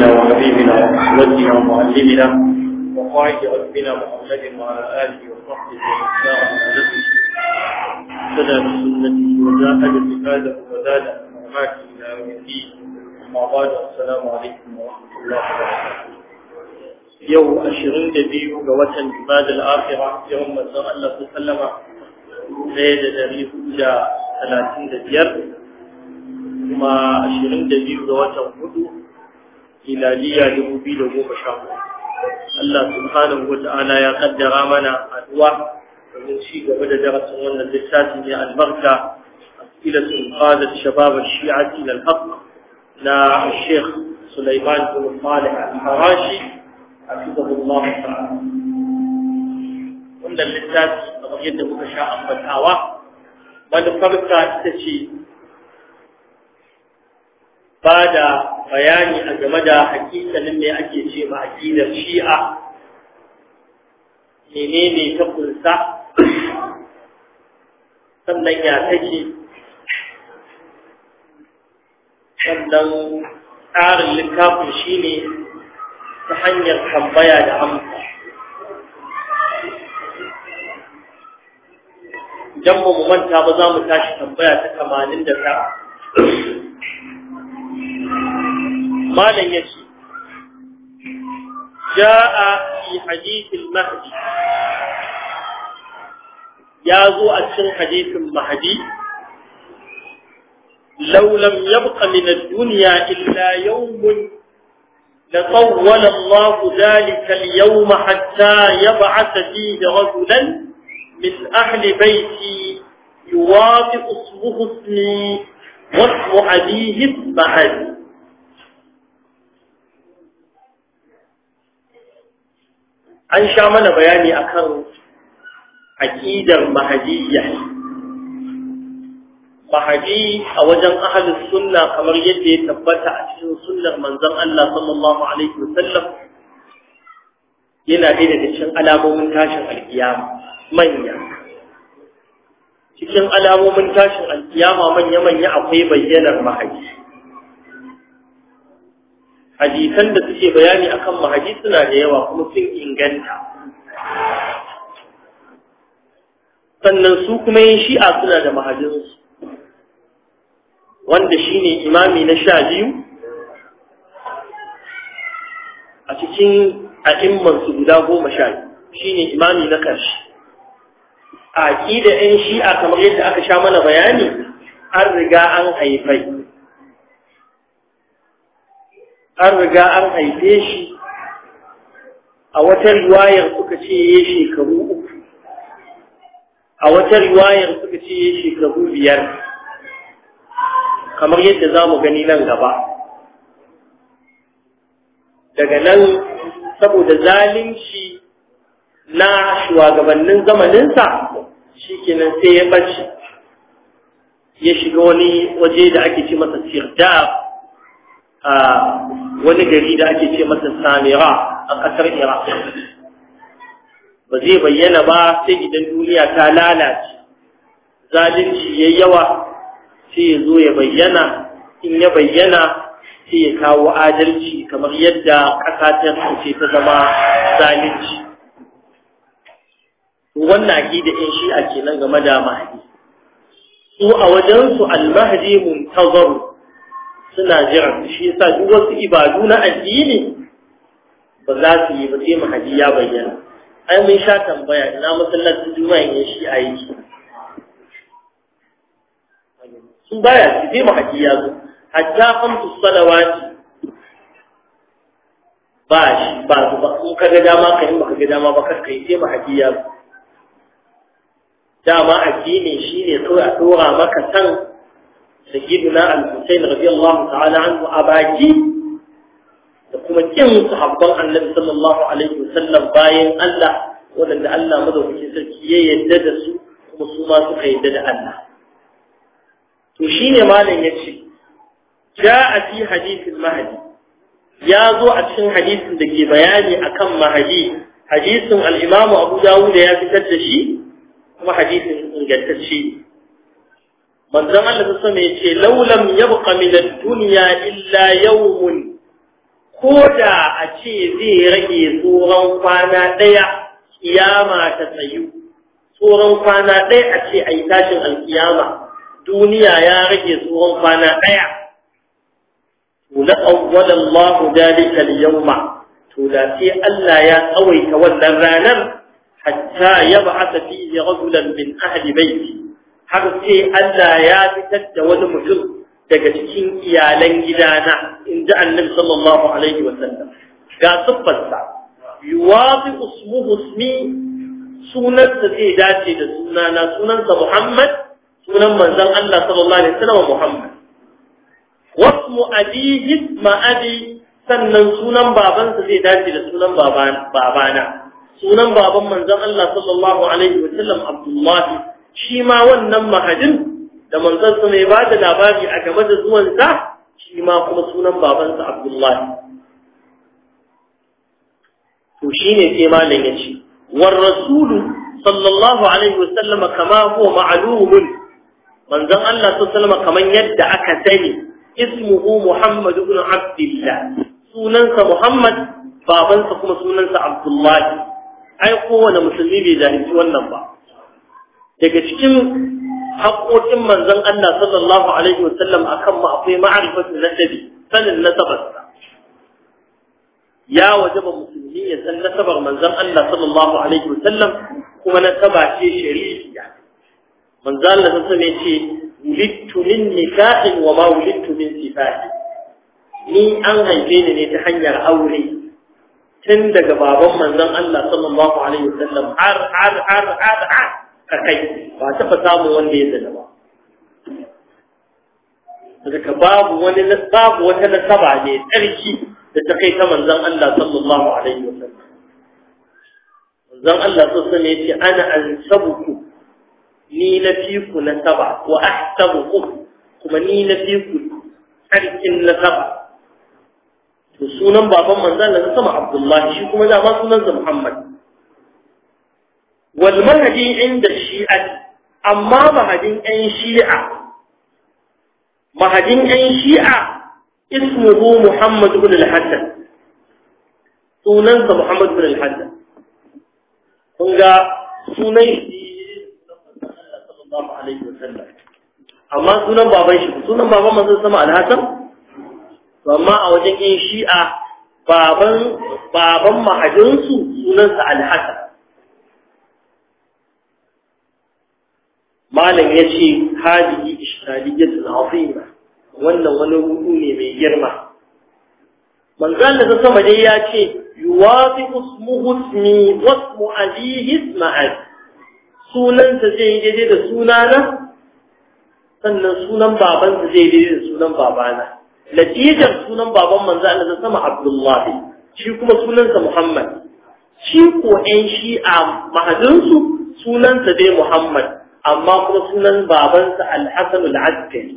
سيدنا وحبيبنا وقدوتنا ومعلمنا وقائد ربنا محمد وعلى آله وصحبه وسلم على سنة بسنته وزاد بفاده وزاد معلومات إلى يوم الدين أما بعد السلام عليكم ورحمة الله وبركاته يوم أشرين دبيو قوة جماد الآخرة يوم مزار الله سلم ليلة دريه إلى ثلاثين دبير kuma ashirin da biyu ga watan hudu miladiya dubu biyu da goma sha Allah subhanahu wa ta'ala ya kaddara mana addu'a domin ci gaba da darasin wannan littafi ne albarka as'ilatun qadat shabab ash na ila al-haqq la Sheikh Sulaiman bin Malik al-Farashi hafizahullah ta'ala wannan littafi kamar yadda muka sha ambatawa manufarka ita ce ba da bayani a game da hakikalin ne ake ce ma aqidar shi'a menene ta kunsa sannan ya take sannan tsarin littafin ne ta hanyar tambaya da amsa idan ba mu manta ba za mu tashi tambaya ta 89 ما ya ce جاء في حديث المهدي ya zo a cikin hadithin لو لم يبق من الدنيا إلا يوم لطول الله ذلك اليوم حتى يبعث فيه رجلا من أهل بيتي يوافق اسمه اسمي واسم أبيه اسم أبي an sha mana bayani akan aqidar mahadiyya mahadi a wajen ahlus sunna kamar yadda ya tabbata a cikin sunnar manzon Allah sallallahu alaihi wasallam yana ɗaya daga cikin alamomin tashin alkiyama manya cikin alamomin tashin alkiyama manya manya akwai bayyanar mahadi hadisan da suke bayani akan mahaji suna da yawa kuma sun inganta sannan su kuma yin shi'a suna da mahajinsu wanda shine imami na sha biyu a cikin a'immansu guda goma sha biyu shine imami na ƙarshe a aƙida 'yan shi'a kamar yadda aka sha mana bayani an riga an haifai an riga an haife shi a wata riwayar suka ce ya shekaru uku a wata riwayar suka ce ya shekaru biyar kamar yadda za mu gani nan gaba daga nan saboda zalunci na shugabannin zamaninsa shi kenan sai ya ɓace ya shiga wani waje da ake ce masa sirdab a wani gari da ake ce masa samira a ƙasar iraq ba zai bayyana ba sai idan duniya ta lalace zalunci ya yawa sai ya zo ya bayyana in ya bayyana sai ya kawo adalci kamar yadda ƙasa ta ta zama zalunci wannan da in shi a kenan game da mahdi su a wajensu almahdi muntazaru suna jiran shi yasa duk wasu ibadu na addini ba za su yi ba sai mu haji ya bayyana ai mun sha tambaya ina masallacin juma'a ne shi a yi sun baya su sai haji ya zo hatta kamtu salawati ba shi ba su ba in ka ga dama ka yi ka ga dama ba kar ka yi sai mu haji ya zo dama addini shine kawai a dora maka san sayyidina al-husayn radiyallahu ta'ala anhu a baki da kuma kin sahabban annabi sallallahu alaihi wasallam bayan Allah wanda Allah madaukakin sarki ya yadda da su kuma su ma suka yadda da Allah to shine malam yace ja'a fi hadithil mahdi ya zo a cikin hadisin da ke bayani akan mahdi hadisin al-imamu Abu Dawud ya fitar da shi kuma hadisin ingantacce manzon Allah ta sama ce laulam yabqa min dunya illa yawmun koda a ce zai rage tsoron kwana ɗaya kiyama ta tsayu tsoron kwana ɗaya a ce ayi tashin alkiyama duniya ya rage tsoron kwana ɗaya. to la awwala Allah dalika al to da sai Allah ya tsawaita wannan ranar hatta yab'atha fihi rajulan min ahli baiti har sai Allah ya fitar da wani mutum daga cikin iyalan gidana in ji annabi sallallahu alaihi wa sallam ga siffarsa yuwafi usmuhu ismi sunansa zai dace da sunana sunansa Muhammad sunan manzon Allah sallallahu alaihi wa sallam Muhammad wasmu abihi ma abi sannan sunan babansa zai dace da sunan babana sunan baban manzon Allah sallallahu alaihi wa sallam Abdullahi shi ma wannan mahajin da manzon sa mai bada labari a game da zuwansa, shi ma kuma sunan babansa Abdullahi to shi ne sai malam yace war rasulu sallallahu alaihi wasallama kama huwa ma'lumun manzon Allah sallallahu alaihi wasallama yadda aka sani ismuhu Muhammad ibn Abdullah sunansa Muhammad babansa kuma sunansa Abdullahi ai kowane musulmi bai zalunci wannan ba daga cikin haƙoƙin manzon Allah sallallahu alaihi wasallam akan mu akwai ma'rifatu nasabi sanin nasabarsa ya waje ba musulmi ya san nasabar manzon Allah sallallahu alaihi Sallam kuma nasaba ce shari'a manzon Allah sallallahu alaihi ya ce wulittu min nikahin wa ma wulittu min sifahi ni an haife ni ne ta hanyar aure tun daga baban manzon Allah sallallahu alaihi Sallam har har har har har ka kai ba taɓa samun wanda ya zina ba daga babu wani babu wata nasaba ne tsarki da ta kai ta manzon Allah sallallahu alaihi wa wasallam manzon Allah sallallahu alaihi wasallam ana ansabuku ni na fi ku nasaba wa ahsabuku kuma ni na fi ku tsarkin nasaba to sunan baban manzon Allah sama Abdullahi, shi kuma da ma sunan Muhammad wal mahdi inda shi'a amma mahadin ɗan shi'a mahadin ɗan shi'a ismuhu Muhammad ibn al-Hassan sunansa Muhammad ibn al-Hassan kun sunan shi sallallahu alaihi wasallam amma sunan baban shi sunan baban manzon sama al-Hassan to amma a wajen ɗan shi'a baban baban mahadin su sunansa al-Hassan malam ya ce hadihi ishtaliyatun azima wannan wani hudu ne mai girma manzan da sama dai ya ce yuwafi ismuhu ismi wasmu abihi isma'il sunansa zai yi daidai da sunana sannan sunan babansa zai yi daidai da sunan babana natijar sunan baban manzan da sama abdullahi shi kuma sunansa muhammad shi ko ƴan shi a mahadinsu sunansa dai muhammad amma kuma sunan babansa al-hasan al-askari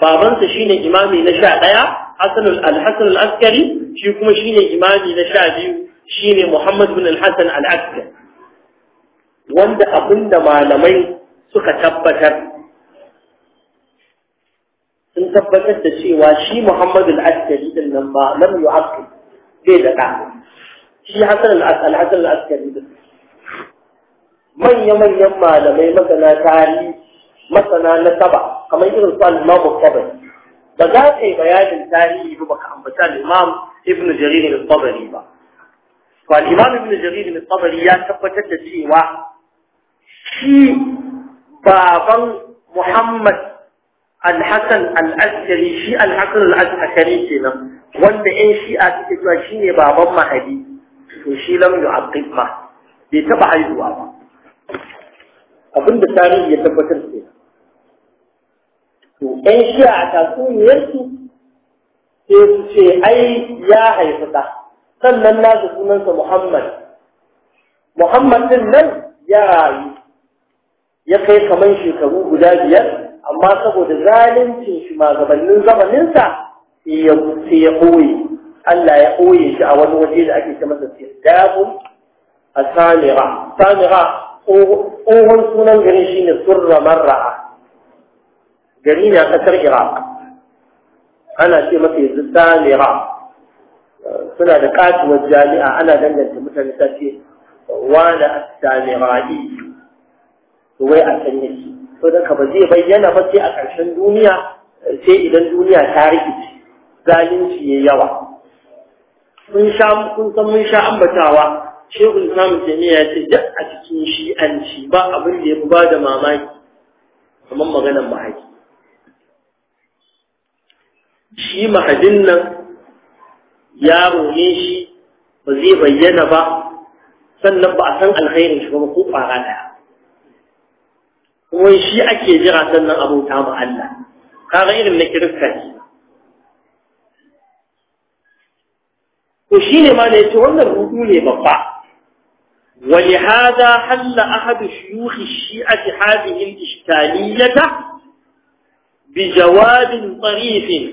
babansa shine imami na sha ɗaya hasan al-hasan al-askari shi kuma shine imami na sha biyu shine muhammad bin al-hasan al-askari wanda abinda malamai suka tabbatar sun tabbatar da cewa shi muhammadu al-askari din nan ba lam yu'aqqil bai da ɗa shi hasan al-hasan al-askari din manya-manyan malamai masana tarihi masana na saba kamar irin su al-imamu tabari ba za ka yi bayanin tarihi ba baka ambata al-imam ibn jarir al-tabari ba to al-imam ibn jarir al-tabari ya tabbatar da cewa shi baban muhammad al-hasan al-askari shi al-hasan al-askari kenan wanda yan shi'a suke cewa shine baban mahadi to shi lam yu'aqib ma bai taba haihuwa ba da tarihi ya tabbatar ce to ɗan shi a tatsuniyarsu sai su ce ai ya haifi ɗa sannan na su sunansa muhammad muhammad ɗin nan ya rayu ya kai kamar shekaru guda biyar amma saboda zalincin shi magabannin zamaninsa sai ya ɓoye Allah ya ɓoye shi a wani waje da ake ce masa sirdabun a samira samira tsohon sunan garin shi ne surra marra'a gari na ƙasar iraq ana ce masa yanzu samira suna da katuwar jami'a ana danganta mutane ta ce wani samirai wai a can yake to da ka ba zai bayyana ba sai a ƙarshen duniya sai idan duniya ta rikici zalunci ya yawa mun mun sha ambatawa shehun islam jami'a ya ce duk a cikin shi'anci ba abin da ya fi ba da mamaki kamar maganar mahaji shi mahajin nan yaro ne shi ba zai bayyana ba sannan ba a san alkhairin shi ba ko kwara daya kuma shi ake jira sannan abota ma Allah kaga irin na kirista ne to shine ma ne ce wannan rudu ne babba Halla ولهذا حل أحد شيوخ الشيعة هذه الإشكالية بجواب طريف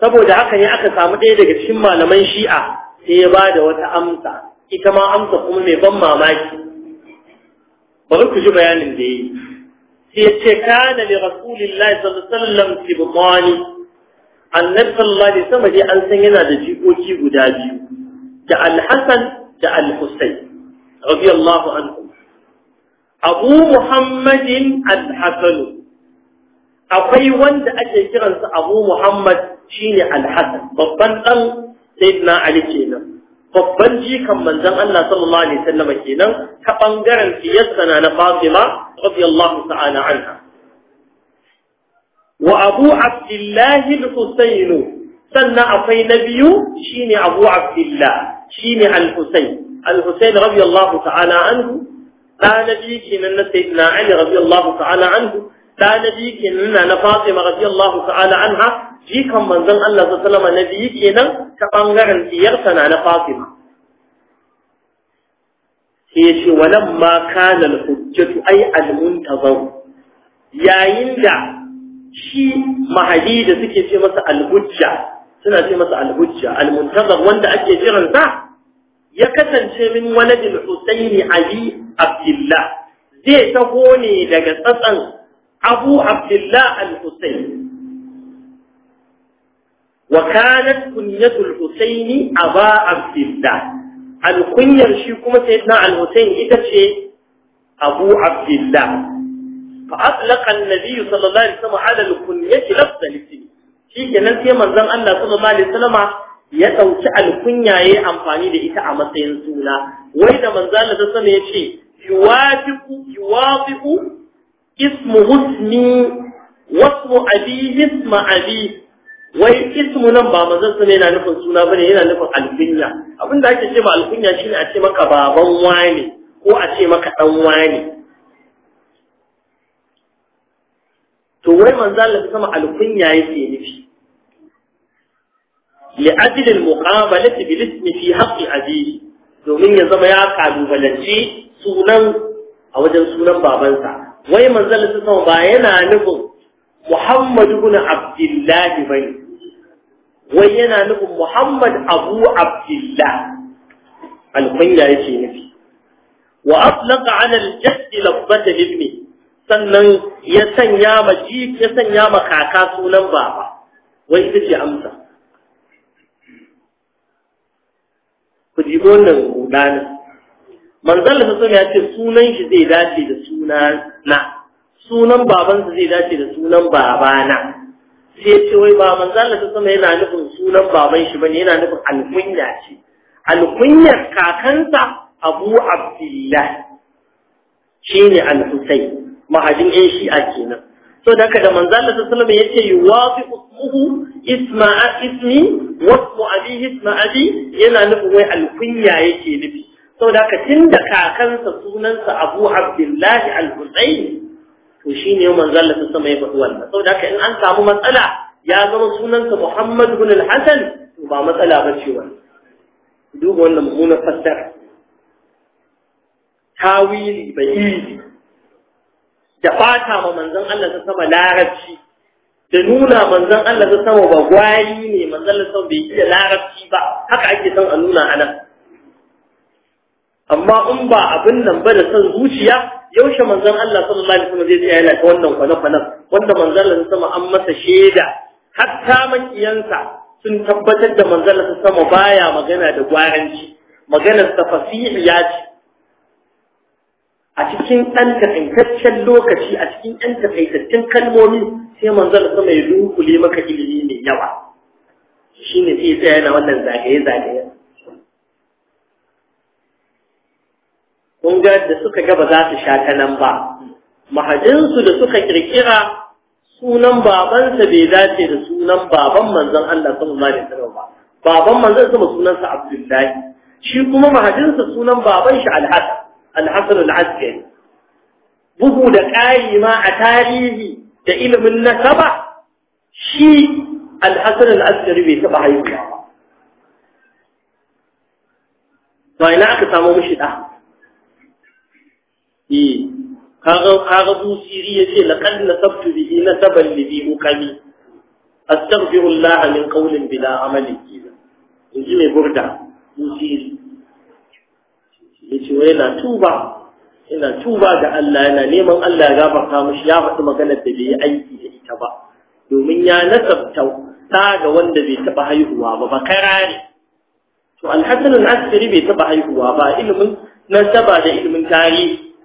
saboda haka ne aka samu ɗaya daga cikin malaman shi'a sai ya ba da wata amsa ita ma amsa kuma mai ban mamaki bari ku ji bayanin da yi sai ya ce kana sallallahu alaihi wasallam tibqani annabi sallallahu alaihi dai an san yana da jikoki guda biyu da Alhassan da al radiyallahu anhu abu muhammadin al-hasan akwai wanda ake kiransa abu muhammad shine al-hasan babban dan sayyidina ali kenan babban jikan manzon Allah sallallahu alaihi wasallam kenan ta ɓangaren fiyarsa na Fatima radiyallahu wa abu abdullah al sannan akwai na biyu shine abu abdullah shine al-husayn al-Husayn radiyallahu ta'ala anhu da na biyu kenan na Sayyidina Ali radiyallahu ta'ala anhu da na biyu kenan na Fatima radiyallahu ta'ala anha jikan manzon Allah sallallahu alaihi na biyu kenan ta ɓangaren diyarsa na na Fatima sai ya ce walamma kana hujjatu ay al yayin da shi mahadi da suke ce masa al suna ce masa al almuntazar wanda ake jiran ya kasance min waladin Husaini Ali Abdullah zai taho ne daga tsatsan Abu Abdullah al-Husaini wa kanat kunyatu al-Husaini Aba Abdullah al-kunyar shi kuma sayyidina al-Husaini ita ce Abu Abdullah fa atlaqa an-nabi sallallahu alaihi wasallam ala al-kunyati lafzan shi kenan sai manzon Allah sallallahu alaihi wasallama ya ɗauki alkunyaye amfani da ita a matsayin suna wai da manzala ta sani ya ce yuwafiku ismu husmi wasu abi ismu abi wai ismu nan ba manzan sama yana nufin suna bane yana nufin alkunya abin da ake ce ma alkunya shine a ce maka baban wani ko a ce maka dan wani to wai manzala ta sama alkunya yake nufi لأجل المقابلة بالاسم في حق أبيه domin ya zama ya kalubalanci sunan a wajen sunan babansa wai manzal su sama ba yana nufin Muhammad ibn Abdullah bane wai yana nufin Muhammad Abu Abdullah alkunya yake nufi wa aflaqa ala al-jadd lafzata sannan ya sanya ma ya sanya ma kaka sunan baba wai ita ce amsa ku ji wannan rudanin manzon da ya ce sunan shi zai dace da suna na sunan babansa zai dace da sunan babana sai ce wai ba manzon sassan yana nufin sunan baban shi bane yana nufin alkunya ce alkunyar kakansa Abu Abdullah shine Al-Husayn mahajin ɗin shi'a kenan so da haka da manzo Allah sallallahu ya wasallam yace wafi ismuhu isma ismi wasu ismu abi isma abi yana nufin wai alkunya yake nufi Sau da haka da kakansa sunansa Abu Abdullahi al-Husayn to shine manzo Allah sallallahu alaihi wasallam ya faɗi wannan so da haka in an samu matsala ya zama sunansa Muhammad ibn al to ba matsala ba ce wannan duba wannan mummunar fassara tawili bayili da fata ma manzon Allah ta sama larabci da nuna manzon Allah ta sama ba gwari ne manzon Allah sama bai iya larabci ba haka ake son a nuna a amma in ba abin nan ba da son zuciya yaushe manzon Allah sallallahu alaihi wasallam zai tsaya yana ta wannan kwana-kwanan wanda manzon Allah sama an masa shaida hatta makiyansa sun tabbatar da manzon Allah sama baya magana da gwaranci maganar tafasiri ya ce a cikin ɗan takaitaccen lokaci a cikin ɗan takaitaccen kalmomi sai manzon sama ya dunkule maka ilimi mai yawa shine sai tsaya na wannan zagaye zagaye kun ga da suka gaba za su sha ta nan ba mahajinsu da suka kirkira sunan babansa bai dace da sunan baban manzon Allah sama sallallahu alaihi wasallam ba baban manzon sama sunansa Abdullahi shi kuma mahajinsa sunan baban shi Al-Hasan al al-askari bugu da ƙari ma a tarihi da ilimin nasaba shi al al-askari bai taɓa haihuwa ba ina aka samu mishi da eh kaga busiri ya ce laƙar na sabtu bihi na saban libi ukami astaghfirullah min qawlin bila amali in ji mai burda busiri yace wai na tuba yana tuba ga Allah yana neman Allah ya gafarta mishi ya faɗi maganar da bai yi aiki da ita ba domin ya nasabta ta ga wanda bai taɓa haihuwa ba ba ne to alhassan al-asiri bai taɓa haihuwa ba ilimin nasaba da ilimin tarihi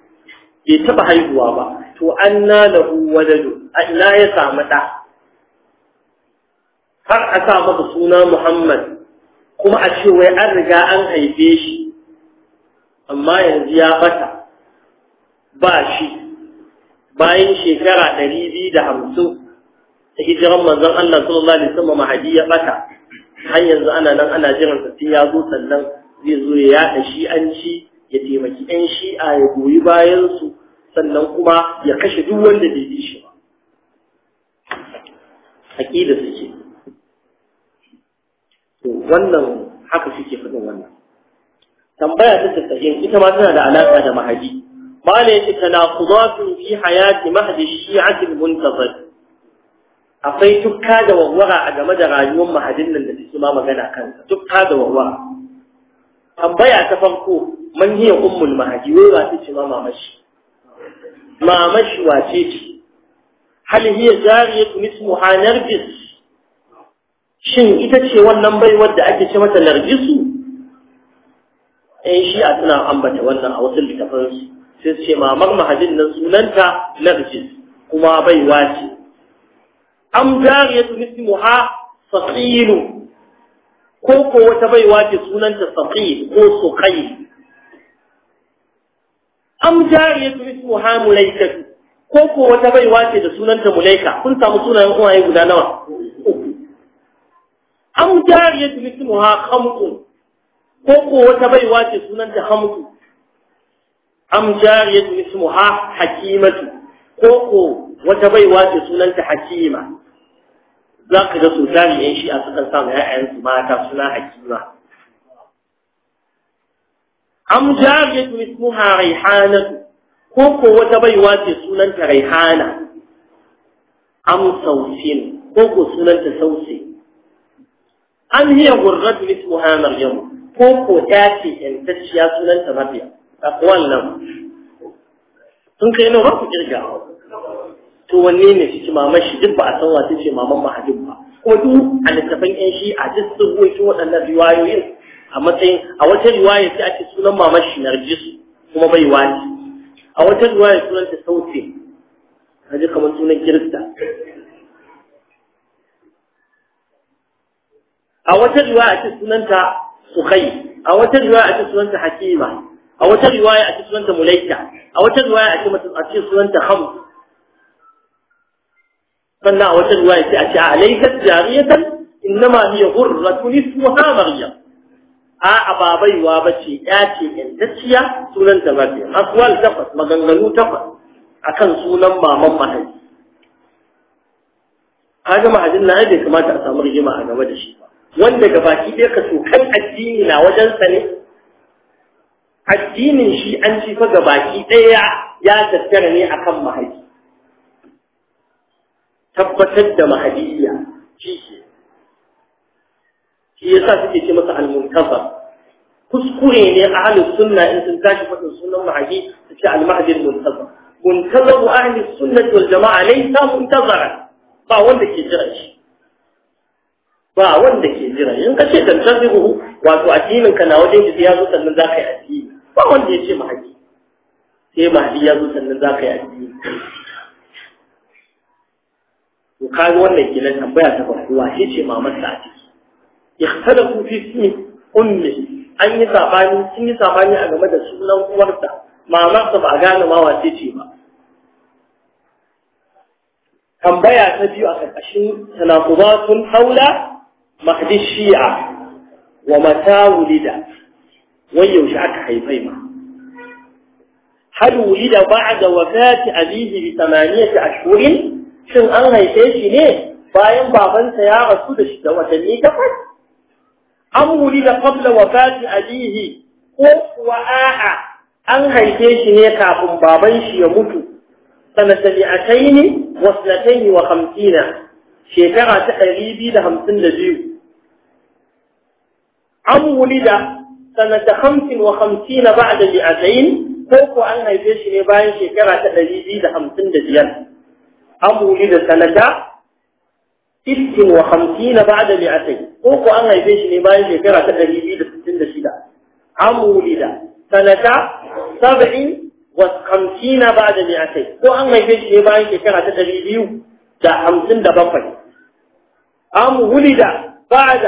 bai taɓa haihuwa ba to an na lahu wadadu a ina ya samu ɗa har a sa masa suna muhammad kuma a ce wai an riga an haife shi amma yanzu ya bata ba shi bayan shekara ɗari biyu da hamsin da hijiran manzon Allah sallallahu alaihi wasallam mahadi ya bata har yanzu ana nan ana jiran sa sai ya zo sannan zai zo ya yaɗa ci, ya taimaki 'yan shi'a ya goyi bayan su sannan kuma ya kashe duk wanda bai bi shi ba da suke to wannan haka suke faɗin wannan tambaya ta tsaye ita ma tana da alaka da mahadi mala yake tanaqudatun fi hayati mahdi shi'ati al-muntazir akwai tukka da wawwara a game da rayuwar mahadin nan da take ma magana kansa tukka da wawwara tambaya ta farko man hiya ummul mahadi wai ba ce ma mamashi mamashi wace ce hal hiya zariyatun ismuha nargis shin ita ce wannan baiwar da ake ce mata nargisu ɗan shi a suna ambata wannan a wasu littafansu sai su ce mamar mahajin nan sunanta narjis kuma bai wace am jariyatu ha saqilu ko ko wata bai wace sunanta saqil ko suqayl am jariyatu mislimuha mulaika ko ko wata bai wace da sunanta mulaika kun samu sunayen uwaye guda nawa am jariyatu mislimuha khamqun ko ko wata baiwa ce sunan ta hamsu am jariyatu ismuha hakimatu ko ko wata baiwa ce sunan ta hakima za ka ga su tari yan shi'a sukan samu ‘ya'yansu mata suna hakima am jariyatu ismuha raihanatu ko ko wata baiwa ce sunan ta raihana am sausin ko ko sunan ta sausi an hiya gurratu ismuha maryamu ko ko ta ce sunan sunanta mafiya akwai nan sun kai nawa ku kirga to wanne ne shi maman shi duk ba a san wace ce maman mahajin ba kuma duk a littafin yan shi a duk sun goyi waɗannan riwayoyin a matsayin a wata riwaya ta ake ce sunan maman shi narjisu kuma bai wani a wata riwaya sunan ta a ji kamar sunan kirista a wata riwaya ce sunanta sukai a wata riwaya a ce sunanta hakima a wata riwaya a ce sunanta mulaika a wata riwaya a ce sunanta khams sannan a wata riwaya ce a ce alaikat jariyatan innama hiya hurratun ismuha maryam a ababaiwa bace ya ce yantacciya sunanta maryam aswal tafas maganganu tafas akan sunan maman mahaji kaga mahajin na bai kamata a samu rigima a game da shi ba wanda gabaki ɗaya ka kan addini na wajensa ne addinin shi an ci fa gabaki ɗaya ya tattara ne akan mahadi tabbatar da mahadiyya shi ke shi yasa suke ce masa al-muntafa kuskure ne a halin sunna in sun tashi faɗin sunan mahadi su ce al-mahadin muntafa muntazaru ahli sunnati wal jama'a ne laysa muntazara ba wanda ke jira shi ba wanda ke jira in ka ce tantazihu wato addinin ka na wajen ki ya zo sannan zaka yi addini ba wanda ya ce mahadi sai mahadi ya zo sannan zaka yi addini to ga wannan kenan tambaya ta farko wa ce mamar sa ake ikhtalafu fi ismi ummi an yi sabani sun yi sabani a game da sunan uwarta. Mama ta ba gane ma wace ce ba tambaya ta biyu a karkashin tanaqubatun haula mahdi shi'a wa mata wulida wai yaushe aka haifai ma hal wulida da wafati abihi bi thamaniyati ashhurin shin an haife shi ne bayan babansa ya rasu da shi da watanni takwas an wulida qabla wafati abihi ko kuwa a'a an haife shi ne kafin baban shi ya mutu sanatani ataini wasnataini wa khamsina shekara ta ɗari biyu da hamsin da biyu an wulida sanata hamsin wa na hamsina ba'da bi'atayn ko ko an haife shi ne bayan shekara ta ɗari biyu da hamsin da biyar an wulida sanata sittin wa na hamsina ba'da bi'atayn ko ko an haife shi ne bayan shekara ta ɗari biyu da sittin da shida an wulida sanata sab'in wa na hamsina ba'da bi'atayn ko an haife shi ne bayan shekara ta ɗari biyu da hamsin da bakwai an wulida بعد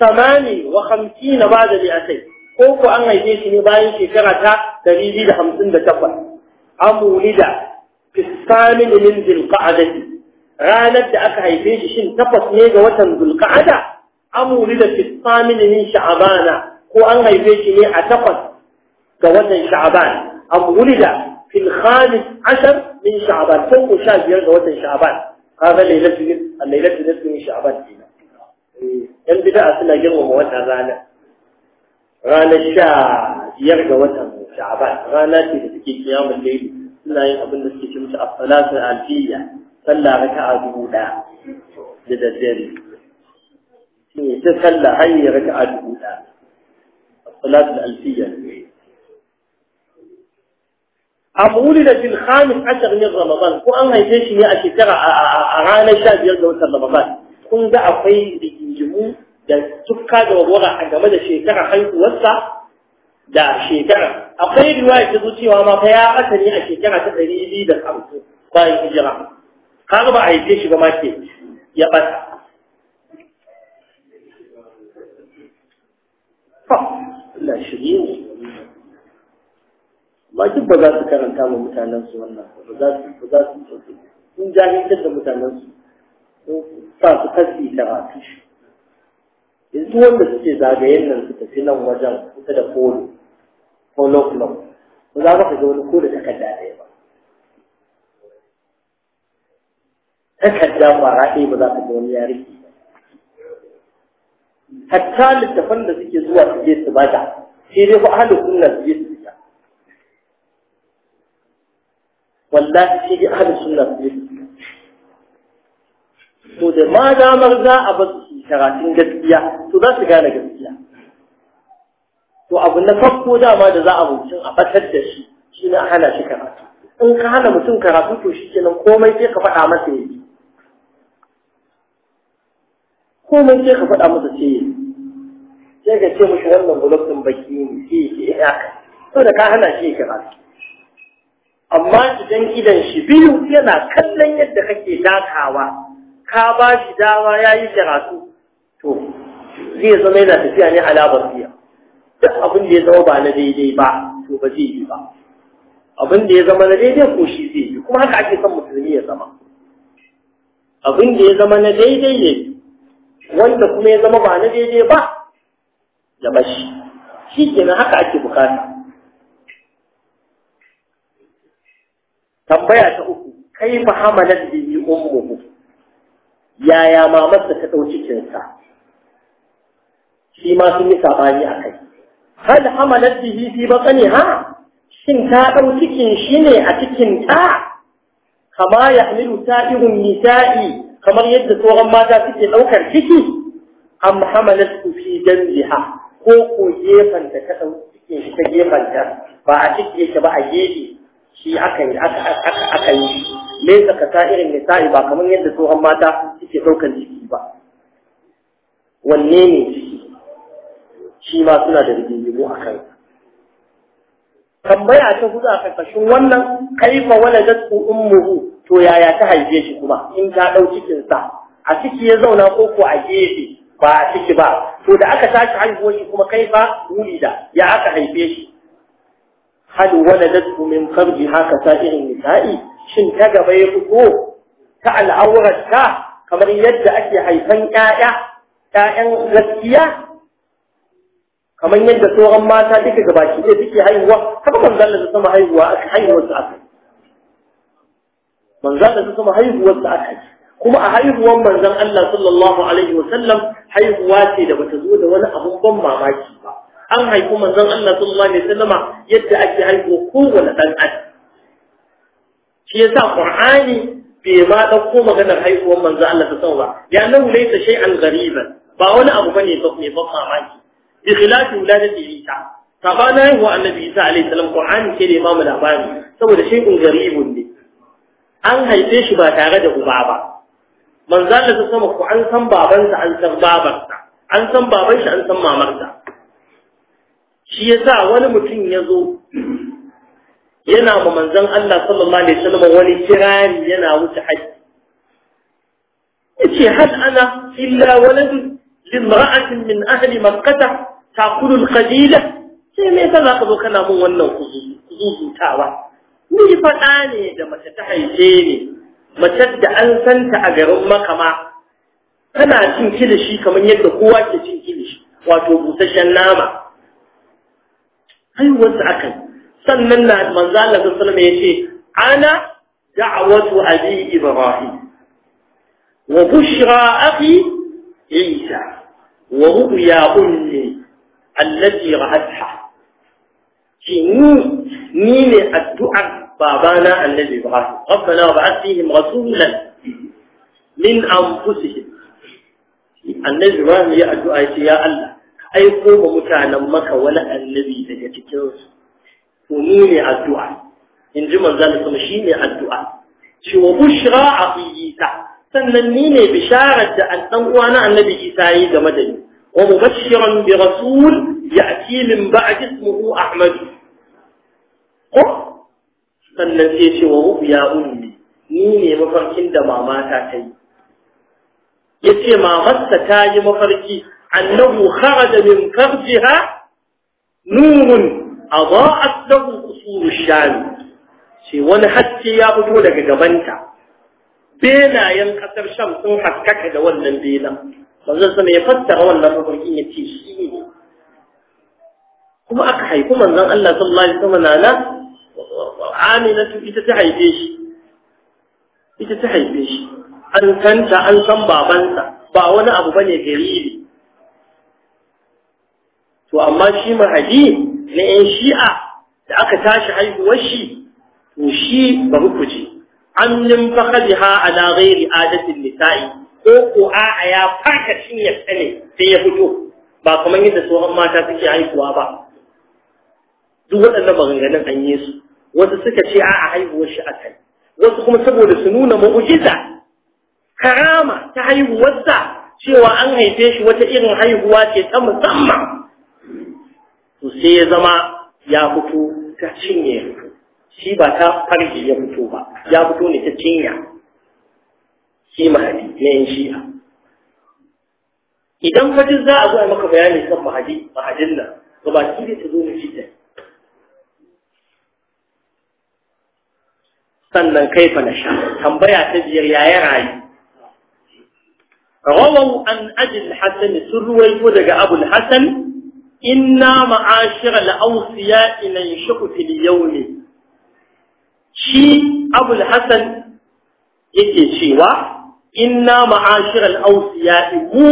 ثماني وخمسين بعد مئتين كوكو أن يجيش نباين شكرة دليل خمسين دكبر أمولد في الثامن من ذي القعدة رانت أكا يجيش شن تقص ميجا وطن ذي القعدة أمولد في الثامن من شعبان هو أن يجيش ني أتقص كوطن شعبان أمولد في الخامس عشر من شعبان فوق شاب يرجع وطن شعبان هذا ليلة الليلة نصف من شعبان فينا yan bida'a suna girmama wannan rana ranar sha biyar ga watan sha'aban rana ce da suke kiyamun laili suna yin abin da suke cimta a salatul alfiya sallah raka'a dubu ɗaya da daddare shine ta sallah hanyar raka'a dubu ɗaya salatul alfiya abu da fil khamis ashar min ramadan ko an haife shi ne a shekara a ranar sha biyar ga watan ramadan kun ga akwai da tukka da wagwara a game da shekarar haihuwarsa da shekarar. akwai riwaya ta zuciwa ma fa ya asali a shekara ta ɗari biyu da hamsin bayan hijira kaga ba a haife shi ba ma ke ya ɓata Allah shirye ne ba duk ba za su karanta ma mutanen su wannan ba za su ba za su sun jahiltar da mutanen su sa su kasi karatu shi yanzu wanda suke zagayen nan su tafi nan wajen kusa da polo ko club ba za ka ga wani ko da takarda ɗaya ba takarda fara ɗaya ba za ka ga wani ya rike hatta littafan da suke zuwa su je su bada sai dai ku ahalin sunna su je su fita wallahi sai dai ahalin sunna su je su fita to da ma damar za a su. karatun gaskiya to za su gane gaskiya to abu na farko dama da za a mutum a fatar da shi shi ne a hana shi karatu in ka hana mutum karatu to shi kenan komai sai ka faɗa masa ya yi komai sai ka faɗa masa sai ya yi sai ka ce mashi wannan bulog baki ne sai ya ce ya eh, ka to da ka hana shi karatu amma idan idan shi biyu yana kallon yadda kake dakawa ka ba shi dama ya yi karatu to zai zama yana tafiya ne ala biya. duk abin da ya zama ba na daidai ba to ba zai yi ba abin da ya zama na daidai ko shi zai yi kuma haka ake son musulmi ya zama abin da ya zama na daidai ne wanda kuma ya zama ba na daidai ba ya bashi shi kenan haka ake bukata tambaya ta uku kai fa hamalat bihi ummuhu yaya mamarsa ta ɗau kinsa shi ma sun yi sabani a kai hal hamalar bihi fi ha, shin ta ɗau cikin shi ne a cikin ta kama ya ta irin nisa'i kamar yadda tsohon mata suke ɗaukar ciki am su fi janbiha ko ko gefan ta ɗau cikin shi ta gefan ba a ciki yake ba a gefe shi aka yi laysa ka irin nisa'i ba kamar yadda tsohon mata suke ɗaukar ciki ba wanne ne shi ma suna da rigingimu a kai tambaya ta hudu a karkashin wannan kaifa in muhu. to yaya ta haife shi kuma in ta ɗau cikinsa a ciki ya zauna ko ko a gefe ba a ciki ba to da aka tashi haihuwa shi kuma kaifa wulida ya aka haife shi hal waladatu min farji haka ta irin nisa'i shin ta gaba ya fito ta al'aurarta kamar yadda ake haifan ƴaƴa ƴaƴan gaskiya kamar yadda sauran mata duka gabaki ɗaya suke haihuwa haka manzon da sama haihuwa aka haihuwar su aka manzon da sama haihuwar su aka kuma a haihuwar manzan Allah sallallahu alaihi wa sallam, haihuwa ce da bata zo da wani abun ban mamaki ba an haihu manzon Allah sallallahu alaihi wasallama yadda ake haihuwa kowane dan adam shi yasa qur'ani bai ma dauko maganar haihuwar manzan Allah sallallahu alaihi ba. ya nan laysa shay'an ghariban ba wani abu bane ba mai ban mamaki ikhlasi wuladati isa sabana yin wa annabi isa alaihi salam qur'ani ke da imamu labari saboda shi un garibun ne an haife shi ba tare da uba ba manzo Allah ta sama ku an san babansa an san babarsa an san baban shi an san mamarsa shi yasa wani mutum ya zo yana ma manzon Allah sallallahu alaihi wasallam wani kirani yana wuce haji yace hal ana illa waladun limra'atin min ahli makkah takulul qalila sai me za zaka zo kana mun wannan kuzuzutawa ni faɗa ne da mace ta haife ne mace da an san ta a garin makama tana cin kilishi kamar yadda kowa ke cin kilishi wato busasshen nama haihuwarsa aka yi sannan na manzo Allah sallallahu ya ce ana daawatu abi ibrahim wa bushra akhi isa wa ru'ya ummi allazi ra'atha shi ni ni ne addu'ar babana annabi Ibrahim rabbana wab'ath fihim rasulan min anfusihim annabi Ibrahim ya addu'a ya ce ya Allah ka aiko ma mutanen maka wani annabi daga cikin su to ni ne addu'a in ji manzon kuma shi ne addu'a shi wa bushra aqiyita sannan ni ne bisharar da an dan uwa na annabi Isa yi game da ni ومبشرا برسول يأتي من بعد اسمه أحمد قر sannan sai ce wa ruhu ya ummi ni ne mafarkin da mamata ta yi ya ce mamarsa ta yi mafarki annahu kharaja min farjiha nurun adaa'at lahu qusuru shami ce wani harke ya fito daga gabanta benayen kasar sham sun haskaka da wannan benan manzon sama ya fassara wannan mafarkin ya ce shi ne kuma aka haifi manzon Allah sallallahu alaihi wasallam nana Aminatu ita ta haife shi ita ta haife shi an kanta an san babansa ba wani abu bane garibi to amma shi mahadi na yan shi'a da aka tashi haihuwar shi to shi ba ku ji amnin fakadiha ala ghairi adatin nisa'i ko ko a'a ya farka ya tsane sai ya fito ba kamar yadda sauran mata suke haihuwa ba duk waɗannan maganganun an yi su wasu suka ce a'a haihuwar shi yi wasu kuma saboda su nuna mu'ujiza karama ta haihuwarsa cewa an haife shi wata irin haihuwa ce ta musamman to sai ya zama ya fito ta cinye shi ba ta farji ya fito ba ya fito ne ta cinya idan fajin za a zuwa maka bayani kan mahadi mahadin nan gaba ki mu shi sannan kaifa na sha tambaya ta biyar yaya rayu rawaw an ajil hasan surwai ko daga abul hasan inna ma'ashira ausiya ina yashku fil yawmi shi AbulHassan hasan yake cewa inna ma'ashiral awsiya'i mu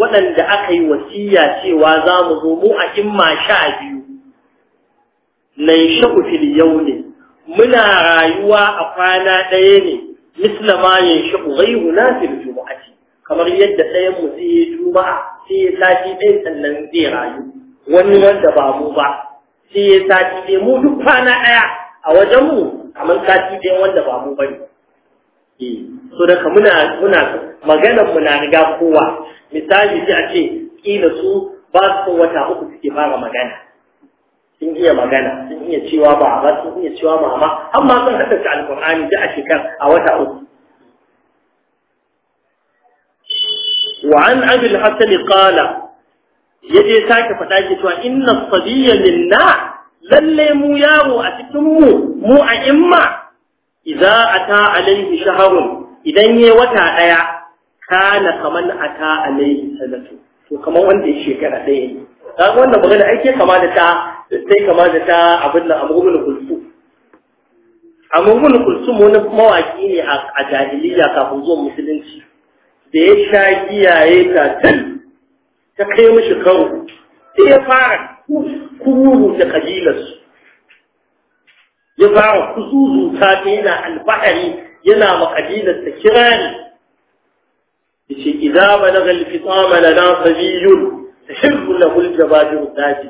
waɗanda aka yi wasiya cewa za mu zo mu a imma sha biyu nan shaku fil yawmi muna rayuwa a kwana ɗaya ne misla ma yanshaku ghayruna fil jumu'ati kamar yadda ɗayan mu zai yi juma'a sai ya sati ɗaya sannan zai rayu wani wanda ba mu ba sai ya sati ɗaya mu duk kwana ɗaya a wajen mu kamar sati ɗaya wanda ba mu ba ne. so daga muna muna maganar mu na riga kowa misali sai a ce kila su ba su wata uku suke fara magana sun iya magana sun iya cewa ba ba sun iya cewa mama amma sun ta alkur'ani da a shekar a wata uku Wa an أبي hasan qala yaje sake faɗa ki cewa inna sabiyya minna lalle mu yaro a cikin mu mu a imma idza ata alaihi shahrun idan yi wata daya kana kaman ata alaihi salatu to kaman wanda ya shekara ɗaya ne kaga wannan magana ai ke kama da ta sai kama da ta abin da amrul kulsu amrul kulsu wani mawaki ne a jahiliya kafin zuwan musulunci da ya sha giyaye ta ta kai mishi karo sai ya fara kuru da kabilarsu ya fara kusuzu ta yana alfahari yana makabilar ta kirani yace idza balagha al-fitam lana sabiyun tahibbu lahu al-jabajir dadi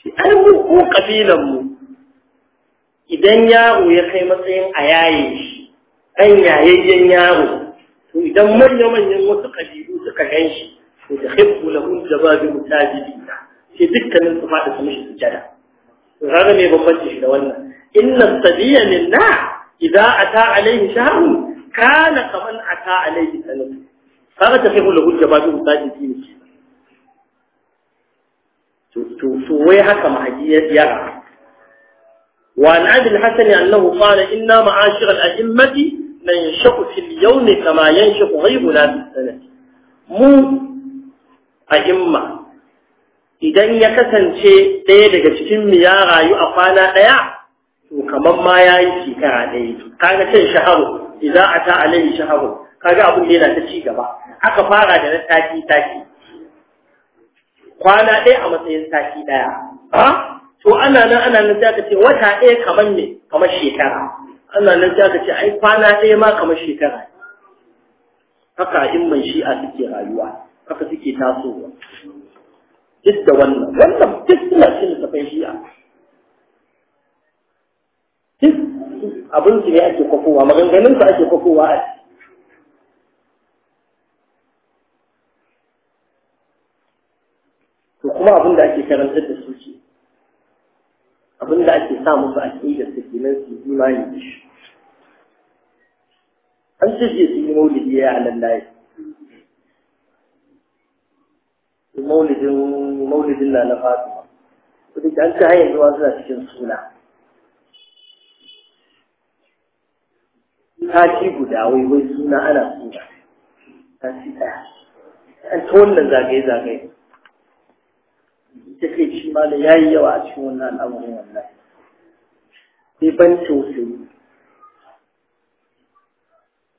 shi ai mu ko kabilan mu idan yaro ya kai matsayin a yaye shi an yayayyen yaro to idan manya manyan wasu kabilu suka gan shi to na tahibbu lahu al-jabajir dadi ce dukkanin su fada su mishi sujada هذا ما يبطش إن الصديق للنع إذا أتى عليه شهر كان كمن أتى عليه سنة فهذا تفهم له الجباب المتاجي فيه شهر تسويها كما هي يرى وعن عبد الحسن أنه قال إن معاشر الأئمة ننشق في اليوم كما ينشق غيبنا في السنة مو أئمة idan ya kasance ɗaya daga cikin mu ya rayu a kwana ɗaya to kamar ma ya yi shekara ɗaya kaga cin shaharu idan a ta alayhi shaharu kaga abun da yana ta ci gaba aka fara da na taki taki kwana ɗaya a matsayin taki ɗaya to ana nan ana nan sai aka ce wata ɗaya kamar ne kamar shekara ana nan sai aka ce ai kwana ɗaya ma kamar shekara haka in mai shi'a suke rayuwa haka suke tasowa duk da wannan wannan duk suna cin littafin shi'a duk abinci ne ake kwafowa maganganun su ake kwafowa a to kuma abin da ake karantar da su ce abin da ake sa musu a ƙidar su kenan su imani da shi an ce su yi maulidi ya yi maulidin maulidin na na fatima kuma da an ta hanyar zuwa suna cikin suna sati guda wai wai suna ana suna sati ɗaya an ta wannan zagaye-zagaye ita ce shi ma da ya yi yawa a cikin wannan al'amarin wannan sai ban tausayi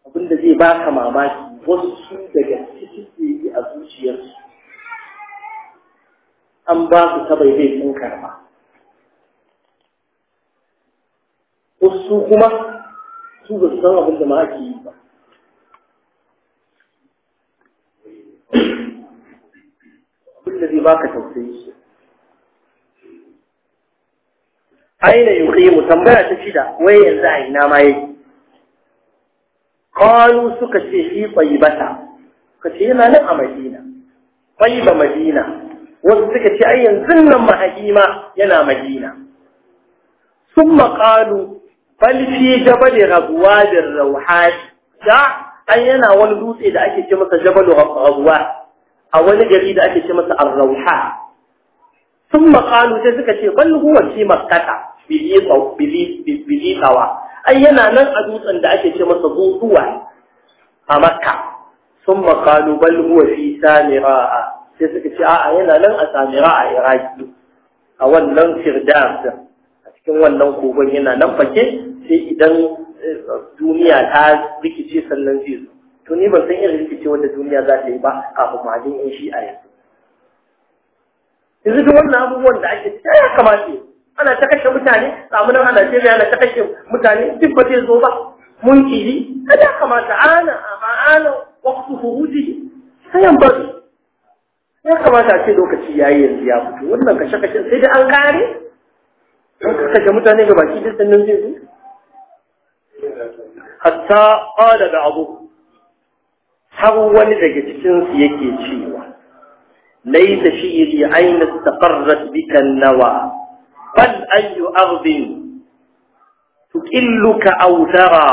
abinda zai baka mamaki wasu su da gaske an ba su ta bai zai sun karba wasu kuma su ba su san abin da ma yi ba abin da zai baka tausayi shi aina yuqimu tambaya ta shida wai yanzu a ina ma yake kwanu suka ce shi ka ce yana nan a madina ba madina wasu suka ce ai yanzu nan mahajima yana madina Sun قالوا bal fi jabal ghazwan ar-rawhat da ai yana wani dutse da ake ce masa jabal ghazwan a wani gari da ake ce masa ar Sun thumma qalu sai suka ce bal huwa fi makkata bili bili ai yana nan a dutsen da ake ce masa zuwa a makka Sun qalu bal huwa fi samira sai suka ce a'a yana nan a samira a iraki a wannan firdaus a cikin wannan kogon yana nan fake sai idan eh, duniya ta rikice sannan zai zo to ni ban san irin rikice wanda duniya za ta yi ba kafin majin yan a yanzu yanzu duk wannan abubuwan da ake ta ya kamata ana ta kashe mutane tsamunan a Najeriya ana ta kashe mutane duk ba zai zo ba mun kiri ya kamata ana amma ana waktu huruji sayan bari ya kamata ce lokaci ya yi yanzu ya fito wannan kashe kashe sai da an kare ka kashe mutane ga baki duk sannan zai zo hatta qala da abu har wani daga cikinsu yake cewa laysa shi'ri aina istaqarrat bika nawa bal ayu ardin tuqilluka aw tara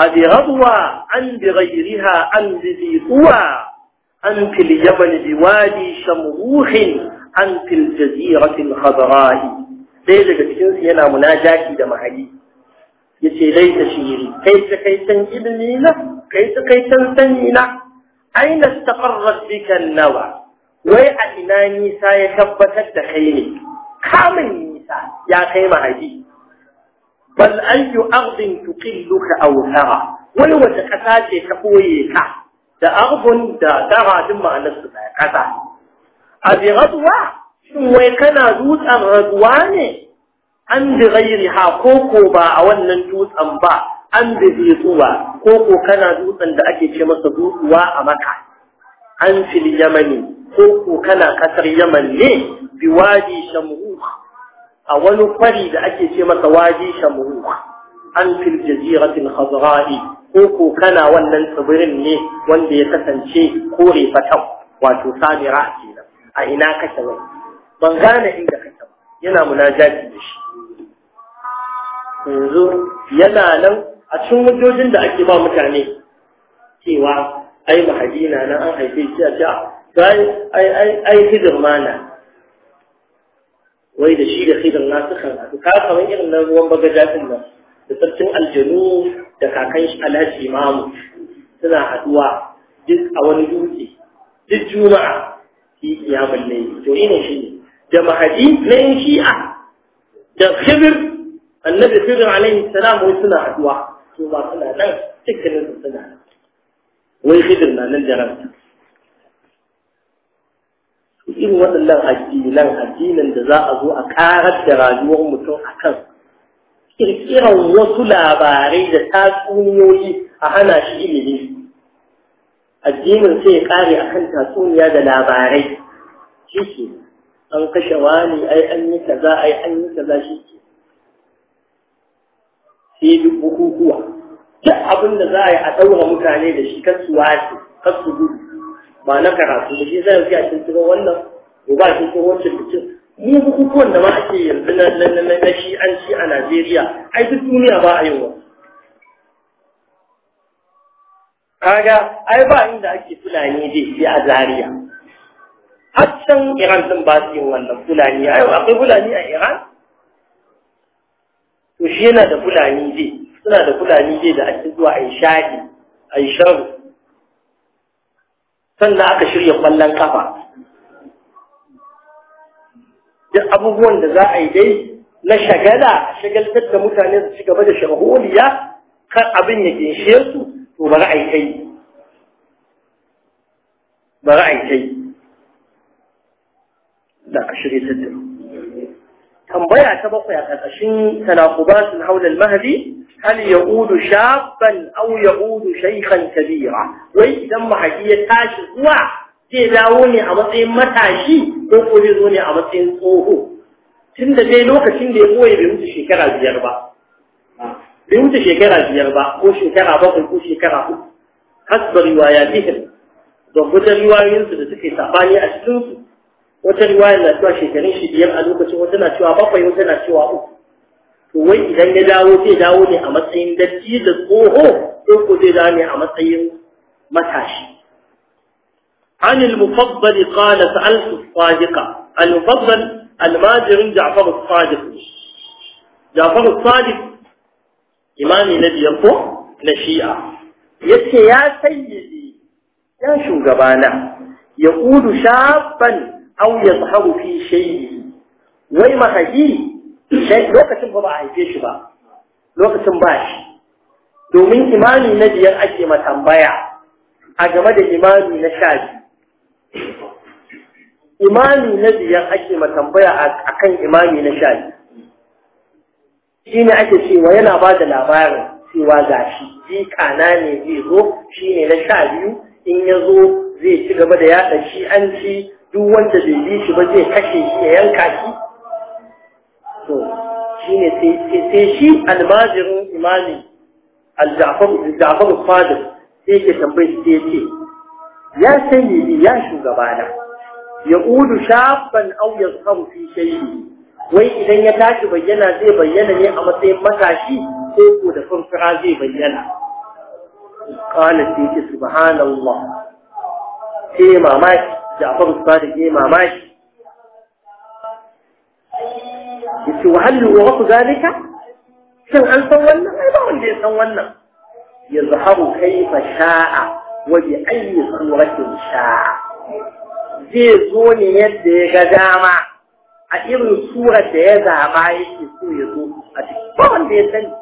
قد غضوى عن بغيرها an بذي قوى أنت اليمن بوادي شموخ أنت الجزيرة الخضراء ليس كتنس ينا مناجاك دمعي يتي ليس شيري كيس كيسا إبنينا كيس كيسا سنينا أين استقرت بك النوى ويا إنا نيسا يكبت الدخيني كامل النيسا يا خيم عدي بل أي أرض تقلك أو ترى ولو تكساتي تقويك da arbun da dara din ma'anar su ɗaya ƙasa a bi raduwa shin wai kana dutsen raduwa ne an bi gairi ha koko ba a wannan dutsen ba an bi zituwa koko kana dutsen da ake ce masa dutsuwa a maka an fil yamani koko kana ƙasar yaman ne bi wadi a wani kwari da ake ce masa wadi shamruh an fil jaziratil khadrai ko ko kana wannan tsibirin ne wanda ya kasance kore fatau wato samira kenan a ina kake wai ban gane inda kake ba yana munajati da shi yanzu yana nan a cikin wajojin da ake ba mutane cewa ai mahadina nan an haife shi a ce ah, ai ai ai mana wai da shi da na ka kamar irin na ruwan bagaja da aljanu da kakan shi alhaji imamu suna haduwa duk a wani dutse duk juma'a fi kiyamun layi to ina shi ne da mahadi na yin shi'a da khibir annabi khidir alaihi salam wai suna haduwa to ba suna nan cikin su suna nan wai khidir na nan jarabta irin waɗannan addinan addinan da za a zo a karar da rayuwar mutum akan kirkiran wasu labarai da tatsuniyoyi a hana shi ilimi addinin sai ya ƙare a kan tatsuniya da labarai shi ke an kashe wani ai an yi kaza ai an yi kaza shi ke sai duk bukukuwa duk abin da za a yi a ɗaura mutane da shi kar su wace kar su gudu ba na karatu da shi zai fi a cikin wannan ba a cikin wancan bikin ni bukukuwan da ma ake yanzu na na na shi an ci a Najeriya ai duk duniya ba a yi kaga ai ba inda ake fulani dai sai a Zaria har Iran din ba su yin wannan fulani ai akwai fulani a Iran to shi yana da fulani dai suna da fulani dai da ake zuwa ai shadi ai sannan aka shirya kwallon kafa duk abubuwan da za a yi dai na shagala shagaltar da mutane su ci gaba da shagoliya kan abin ya ginshe su to bari a yi kai bari a yi kai da a shirye ta tambaya ta bakwai a ƙarƙashin tanaqubatul haula al-mahdi hal ya'udu shabban aw ya'udu shaykhan kabira wai idan mahdi ya tashi zuwa zai dawo ne a matsayin matashi don ko zai zo ne a matsayin tsoho tun da dai lokacin da ya goye bai wuce shekara biyar ba bai wuce shekara biyar ba ko shekara bakwai ko shekara uku hasbar riwayatihim don wajen riwayoyinsu da suke sabani a cikin su wata riwaya na cewa shekarun shi biyar a lokacin wata na cewa bakwai wata na cewa uku to wai idan ya dawo zai dawo ne a matsayin datti da tsoho ko ko zai dawo ne a matsayin matashi عن المفضل قال سألت الصادقة المفضل الماجر جعفر الصادق جعفر الصادق إمامي نبي يرفو نشيئة يتي يا سيدي يا شوغبانا يقول شابا أو يظهر في شيء ويما هجي شيء لوكتن بابا عايزيش با لوكتن باش domin imani na biyar ake matambaya a game da imani na sha biyu imami na biyar ake matambaya a kan imami na sha shi ne ake cewa yana ba da labarin cewa ga shi jikana ne zai zo shi ne na sha biyu in ya zo zai ci gaba da yaɗa shi an ci duk wanda bai bi shi ba zai kashe shi ya yanka shi to shi ne sai shi almajirin imami aljafar fadar sai ke tambayi sai ya ce ya sayyidi ya shugabana ya udu shabban aw yazharu fi shay'i wai idan ya tashi bayyana zai bayyana ne a matsayin matashi ko ko da furfura zai bayyana qala sai ce subhanallah ke mamaki da ba da ke mamaki yace wa hal yuwaqqu zalika shin an san wannan ai ba wanda ya san wannan yazharu kai fasha'a waje ayi suratin sha zai zo ne yadda ya ga dama a irin surar da ya zaba yake so ya zo a cikin ba wanda ya sani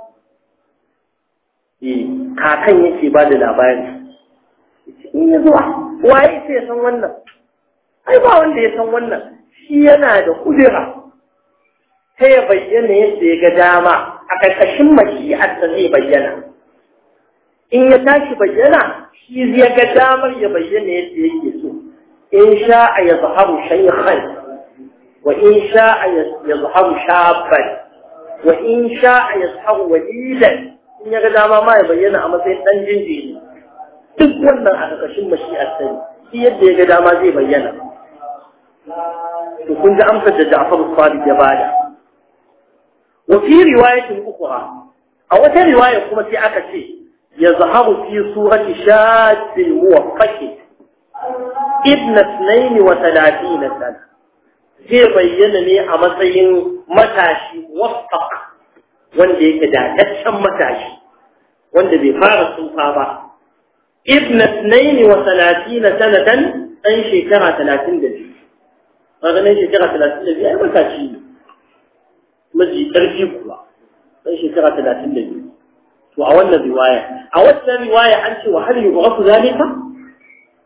eh kakan yake ba da labarin in ya zuwa waye sai ya san wannan ai ba wanda ya san wannan shi yana da kudura ta ya bayyana yadda ya ga dama a ƙarƙashin mashi'ar da zai bayyana in ya tashi bayyana shi zai ga damar ya bayyana yadda yake so in sha'a ya zahabu shaykhan wa in sha'a ya zahabu shabban wa in sha'a ya zahabu walilan in ya ga dama ma ya bayyana a matsayin dan jinjiri duk wannan a ƙarƙashin mashi'ar sani shi yadda ya ga dama zai bayyana to kun ji amsar da Ja'far Sadiq ya bada wa fi riwayatin ukhra a wata riwaya kuma sai aka ce يظهر في صورة شاب موفق ابن اثنين سنة zai bayyana ne a matsayin matashi wasfaq wanda yake dataccen matashi wanda bai fara tsufa ba ibn naini wa talatina sanatan ɗan shekara talatin da biyu kaga nan shekara talatin da shekara talatin da to a wannan riwaya a wannan riwaya an ce wa hal yughasu zalika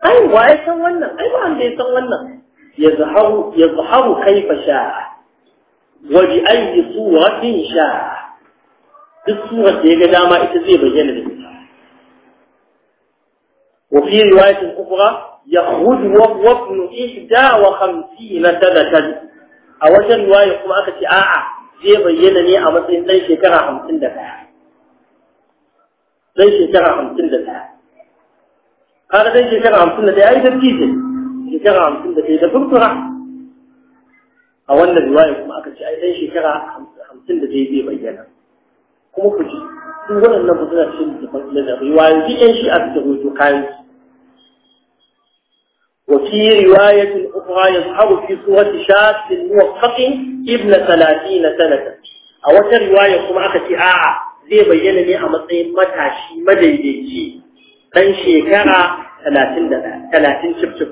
ai wa ya san wannan ai ba an da san wannan yazharu yazharu kaifa sha'a wa bi ayyi suratin sha duk surar da ya ga dama ita zai bayyana da ita وفي رواية أخرى يخرج وهو ابن إحدى kuma aka ce a'a zai bayyana ne a matsayin ɗan shekara hamsin da دفع zai shekara hamsin da ɗaya kaga zai shekara hamsin da ɗaya yi sarki ce shekara hamsin da ɗaya da furfura a wannan riwaya kuma aka ce ai ɗan shekara hamsin da ɗaya bai bayyana kuma ku ji duk waɗannan ba suna cikin littafin da riwaya ji ƴan shi'a suka rubuto kayan su وفي رواية أخرى يظهر في صورة شاب موفق ابن ثلاثين سنة أو رواية كما أكتي آعة zai bayyana ne a matsayin matashi madaidaici Ɗan shekara talatin da talatin cif-cif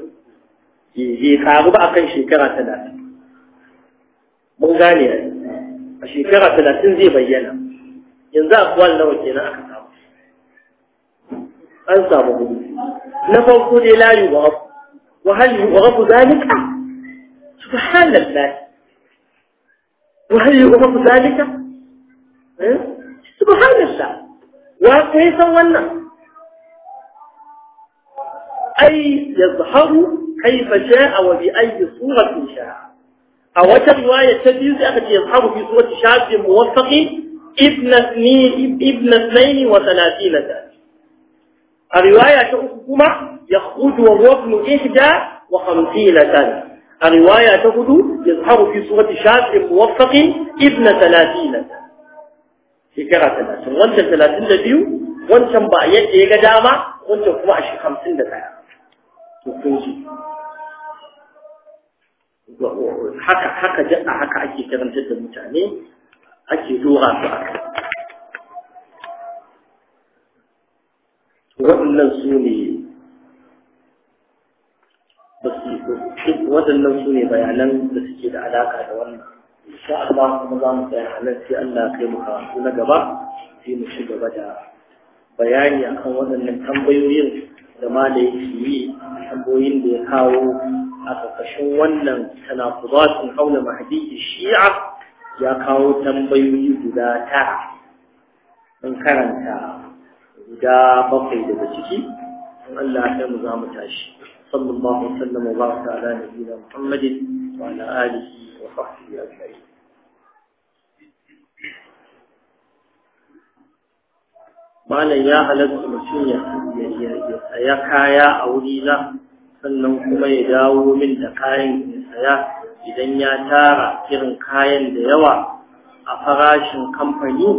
bai karu ba a kan shekara talatin mun gane a shekara talatin zai bayyana yanzu a kuwa nawa kenan aka samu an samu hudu na farko dai wa yughab wa wa yughab zalika subhanallah wa wa yughab zalika eh سبحان الله وكيف ظن أي يظهر كيف شاء وبأي صورة شاء أوجه رواية تجيز أخذ يظهر في صورة شاب موفق ابن ابن اثنين وثلاثين سنة الرواية تقول يخرج وهو ابن إحدى وخمسين سنة الرواية تقول يظهر في صورة شاب موفق ابن ثلاثين سنة shekara talatin wancan talatin da biyu wancan ba yadda ya ga dama wancan kuma a hamsin da ɗaya to kun ji haka haka jaɗa haka ake karantar da mutane ake dora su a kai waɗannan su ne waɗannan su ne bayanan da suke da alaƙa da wannan insha Allah kuma za mu tsaya halarci Allah kai mu karatu na gaba sai mu ci gaba da bayani akan waɗannan tambayoyin da ma da yake yi tambayoyin da ya kawo a ƙarƙashin wannan tanafuzatin haula mahdi shi'a ya kawo tambayoyi guda tara in karanta guda bakwai daga ciki in Allah ya mu za mu tashi sallallahu alaihi wa sallam wa baraka ala nabiyina muhammadin wa ala alihi wa sahbihi malam ya halatta mutum ya saya kaya a wuri na sannan kuma ya dawo min da kayan ya saya idan ya tara irin kayan da yawa a farashin kamfani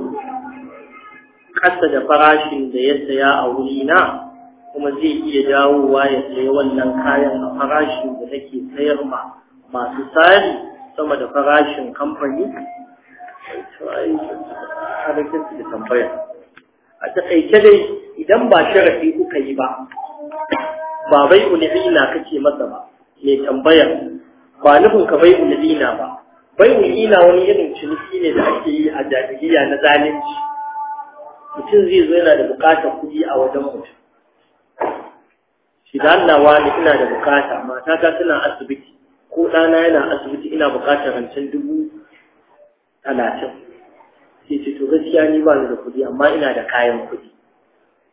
ƙasa da farashin da ya saya a wuri na kuma zai iya dawowa ya sayi wannan kayan a farashin da nake sayar ma masu tsari sama da farashin kamfani tambaya a takaice dai idan ba sharafi kuka yi ba ba bai ulina kake masa ba mai tambaya ba nufin ka bai ulina ba bai ulina wani irin ciniki ne da ake yi a jami'a na zalunci mutum zai zo yana da bukatar kuɗi a wajen mutum shi da ina da bukata matata tana asibiti ko ɗana yana asibiti ina bukatar rancen dubu talatin sai ce to gaskiya ni ba ni da kuɗi amma ina da kayan kuɗi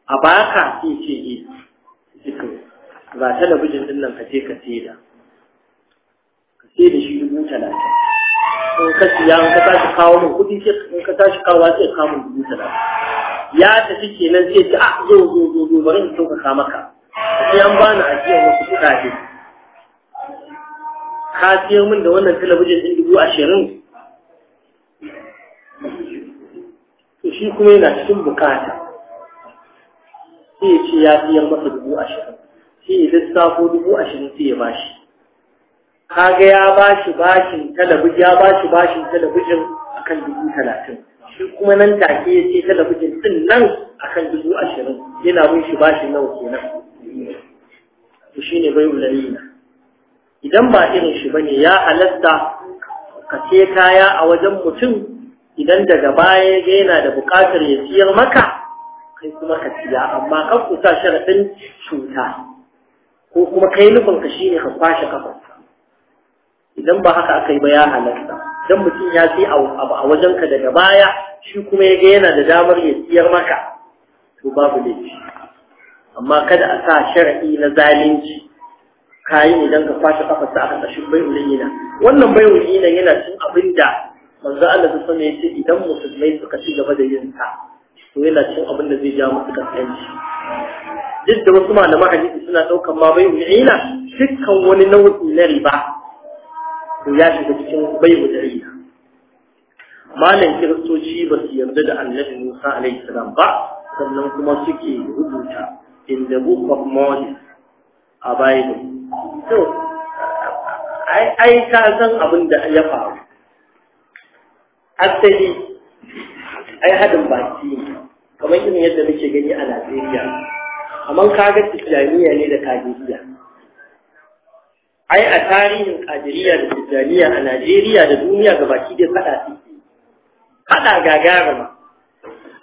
a baka sai ce eh duka ga talabijin din nan ka je ka saida ka saida shi dubu talatin in ka siya in ka tashi kawo min kuɗi sai in ka tashi kawo sai kawo min dubu talatin ya tafi kenan sai ce ah zo zo zo zo bari in sauƙaƙa maka sai an bani ajiyar wasu kuɗaɗe ka siyar min da wannan talabijin din dubu ashirin shi kuma yana cikin bukata sai ya ce ya biyan masa dubu ashirin ne ya lissafo dubu ashirin sai ya bashi kaga ya bashi bashin talabijin ya bashi bashin talabijin akan dubu talatin shi kuma nan take ya ce talabijin din nan akan dubu ashirin yana mun shi bashin nawa kenan to ne bai ulalina idan ba irin shi bane ya halatta ka ce kaya a wajen mutum idan daga baya ga yana da buƙatar ya siyar maka kai kuma ka siya amma kan ku sa sharaɗin cuta ko kuma kai nufin ka shine ka kwashe kafa idan ba haka aka yi ba ya halatta Idan mutum ya sai abu a ka daga baya shi kuma ya ga yana da damar ya siyar maka to babu laifi amma kada a sa sharaɗi na zalunci kayi idan ka kwashe sa aka kashin bai'ul ina wannan bai'ul yana cin abin da manzo Allah ta sani yace idan musulmai suka ci gaba da yin ta to yana cin abin da zai ja musu kasance duk da wasu malama hadisi suna daukan ma bai mu'ina dukkan wani nau'i na riba to ya shiga cikin bai riba malam kiristoci ba su yarda da annabi Musa alaihi salam ba sannan kuma suke rubuta in the book of Moses a Bible to ai ai ka san abin da ya faru asali ai hadin baki ne kamar irin yadda muke gani a Najeriya amma kaga tijaniya ne da kadiriya ai a tarihin kadiriya da tijaniya a Najeriya da duniya ga baki dai fada su fada gagaruma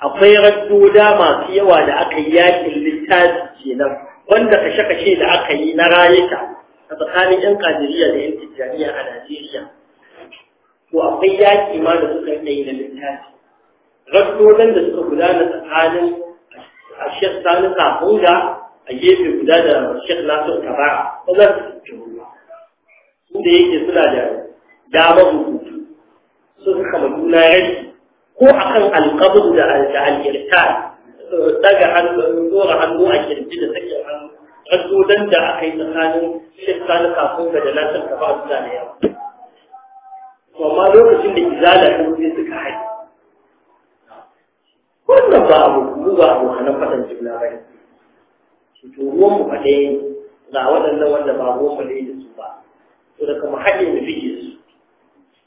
akwai raddoda masu yawa da aka yi yakin littafi kenan wanda kashe-kashe da aka yi na rayuka a tsakanin 'yan kadiriya da 'yan tijaniya a Najeriya وأقيات إيمان الزكرة إلى الإنهاج غفلولا لسكو قدانة أفعال الشيخ ثاني قابولا أجيب هو أخذ القبض على الإرسال تجا عن نور عن مؤشر amma lokacin da izala ta sai suka haɗe wannan ba abu mu ba abu hana faɗan jimla ba ne su to ruwan mu faɗe ga waɗannan wanda ba ruwan mu ne da su ba to da kuma haɗe mu fiye su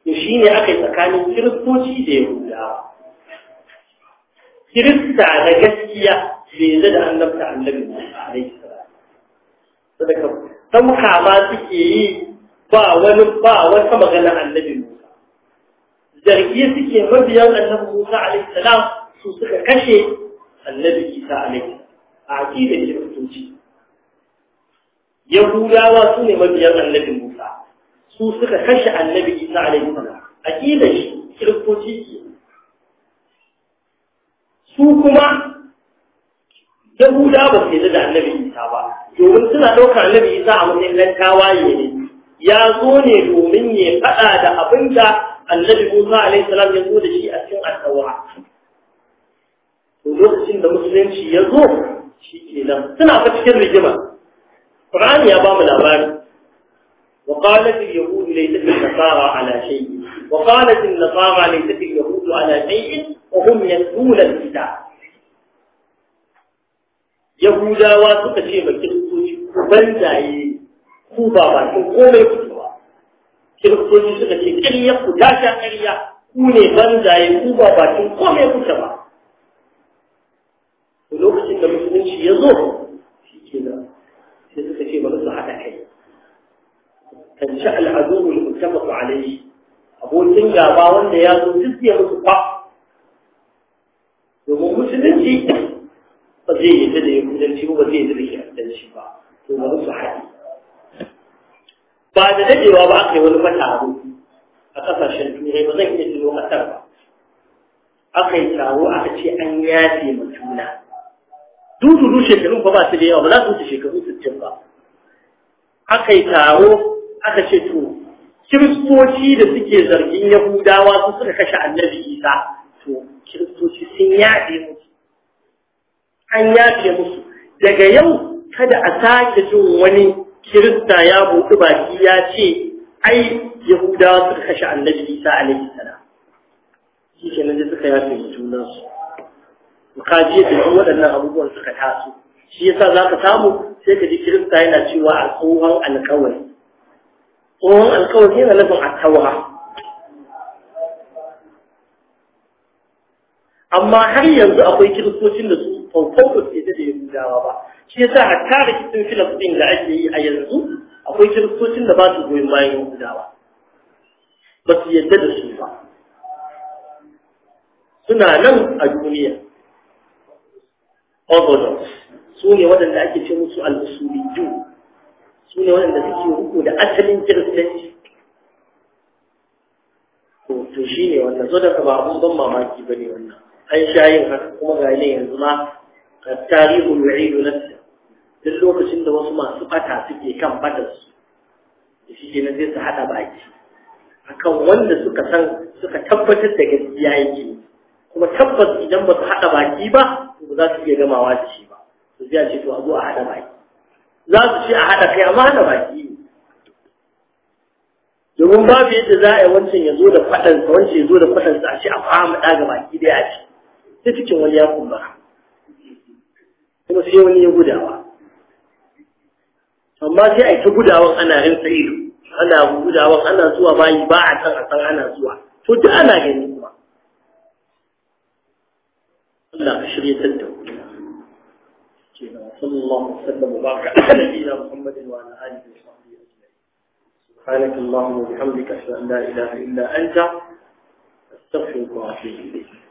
to shi ne aka yi tsakanin kiristoci da yahudawa kirista na gaskiya bai zai da annabta annabi mu a salam sadaka tamka ma suke yi ba wani ba wata magana annabi zargi suke mabiyan annabi Musa alaihi salam su suka kashe annabi Isa alaihi a aqidar kiristoci Yahudawa su ne mabiyan annabi Musa su suka kashe annabi Isa alaihi salam aqidar kiristoci su kuma Yahuda ba su da annabi Isa ba, domin suna ɗaukar annabi Isa a matsayin nan ne, ya zo ne domin ya faɗa da abin da annabi Musa alayhi salam ya zo da shi a cikin Al-Tawrat to da musulunci ya zo shi shikenan suna ta cikin rigima Qur'ani ya ba mu labari wa qalat al-yahud laysa al-nasara ala shay wa qalat al-nasara laysa al-yahud ala shay wa hum yadul al-kitab Yahudawa suka ce ba kiristoci ban jaye ku ba ba ko komai ku kiristoci suka ce ƙarya ku ta sha ƙarya ku ne banzaye ku ba bakin komai kuka ba lokacin da musulunci ya zo shi ke da sai suka ce ba su haɗa kai kan ci al'adu ne ku alayi abokin gaba wanda ya zo duk ya musu kwa domin musulunci ba zai yi da kudanci ba zai yi da kudanci ba to bari su haɗi ba da dadewa ba aka yi wani mataro a kasashen turai ba zan iya tuno kasar ba aka yi taro aka ce an yafe ma juna dududu shekarun ba ba su da yawa ba za su wuce shekaru sittin ba aka yi taro aka ce to kiristoci da suke zargin yahudawa su suka kashe annabi isa to kiristoci sun yaɗe musu an yafe musu daga yau kada a sake jin wani kirista ya buɗi baki ya ce ai yahudawa suka kashe annabi isa alaihi salam shi ke nan suka yafe juna su kaji da duk waɗannan abubuwan suka taso shi yasa za ka samu sai ka ji kirista yana cewa a tsohon alkawari tsohon alkawari yana nufin a taura amma har yanzu akwai kiristocin da su fautauta su da yahudawa ba shi yasa hatta da kitin filastin da ake yi a yanzu akwai kiristocin da ba su goyon bayan yahudawa ba su yadda da su ba suna nan a duniya orthodox su ne waɗanda ake ce musu al-usuliyyu su ne waɗanda suke riko da asalin kiristanci to shi ne wannan da daga ba abun ban mamaki ba ne wannan an sha yin haka kuma ga ne yanzu ma tarihu yu'idu nafsa duk lokacin da wasu masu fata suke kan batar da shi ke nan zai su hada baki akan wanda suka san suka tabbatar da gaskiya yake kuma tabbas idan ba su hada baki ba ba za su iya gamawa da shi ba su zai ce to a zo a hada baki za su ce a hada kai amma hada baki ne domin babu yadda za a yi wancan ya zo da faɗansa wancan ya zo da faɗansa a ce a fahimta ɗaga baki dai a ce sai cikin wani ya kumbura kuma sai wani ya gudawa amma sai a yi ta gudawan ana rinsa ido ana gudawan ana zuwa bayi ba a san a san ana zuwa to duk ana gani kuma Allah ka shirye ta da صلى الله وسلم وبارك على نبينا محمد وعلى اله وصحبه اجمعين سبحانك اللهم وبحمدك اشهد ان لا اله الا انت استغفرك واتوب اليك